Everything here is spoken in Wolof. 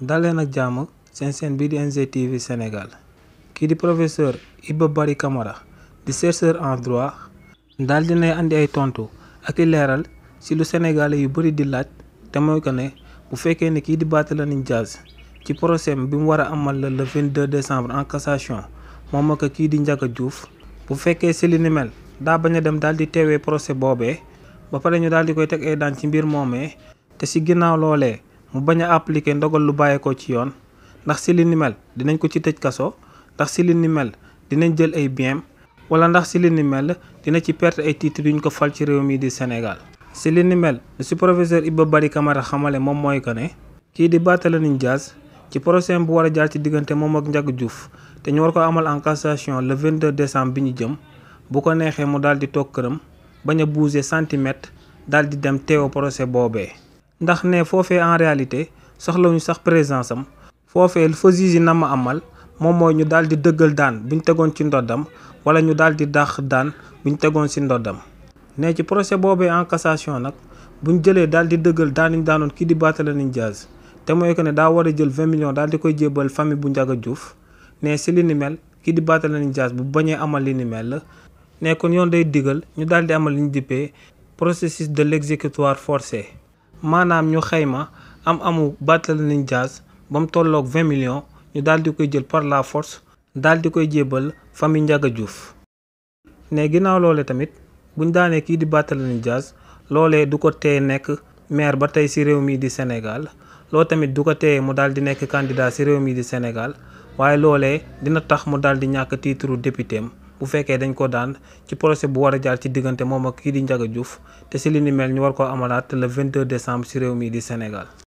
daleen ak jàmm seen seen bi di NGTV Sénégal kii di professeur Iba Barry Camara di chercheur en droit daal dinay andi ay tontu ak i leeral ci lu sénégalais yu bëri di laaj te mooy ko ne bu fekkee ne kii di Barthélémy Dias ci procès bi mu war a amal la le 22 décembre en cassation moom ak kii di Ndiaga juuf bu fekkee ci li ni mel daa bañ a dem daal di teewee procès boobee ba pare ñu daal di koy teg ay daan ci mbir moomee te ci ginnaaw loolee. mu bañ a appliquer ndogal lu bàyyeekoo ci yoon ndax si li mel dinañ ko ci tëj kaso ndax si li mel dinañ jël ay biens wala ndax si li ni mel dina ci perte ay titres yuñ ko fal ci réew mii di Sénégal. si li ni mel lu si professeur Iba Barry Camara xamale moom mooy que ne kii di Barthélémy Dias ci procès bu war a jaar ci diggante moom ak Ndiaga Diouf te ñu war ko amal en cassation le 22 bi ñu jëm bu ko neexee mu daal di toog këram bañ a bouger centimètre daal di dem teew boobee. ndax ne foofee en réalité soxla ñu sax présence am foofee lu fa juge na ma amal moom mooy ñu daal di dëggal daan buñ tegoon ci ndoddam wala ñu daal di dàq daan buñ tegoon ci ndoddam ne ci procès boobee en cassation nag buñ jëlee daal di dëggal daan ñu daanoon kii di Barthélémy nañ Dias te mooy que ne daa war a jël 20 millions daal di koy jébbal famille bu Ndiaga Diouf ne ci li ni mel kii di Barthélémy Dias bu bañee amal li ni la ne kon yoon day diggal ñu daal di amal li ñu dippee processus de l'exécutoire forcé maanaam ñu xayma am amu Barthélémy Dias ba tolloog 20 millions ñu daal di koy jël par la force daal di koy jébbal fami Ndiaga Diouf ne ginnaaw loole tamit buñ daanee kii di Barthélémy Dias loolee du ko tee nekk maire ba tey ci réew mii di Sénégal loo tamit du ko tee mu daal di nekk candidat ci réew mii di Sénégal waaye loolee dina tax mu daal di ñàkk titre député bu fekkee dañ ko daan ci procès bu war a ci diggante moom ak kii di Ndiaga Diouf te si li ni mel ñu war koo amalaat vingt 22 décembre ci réew mii di Sénégal.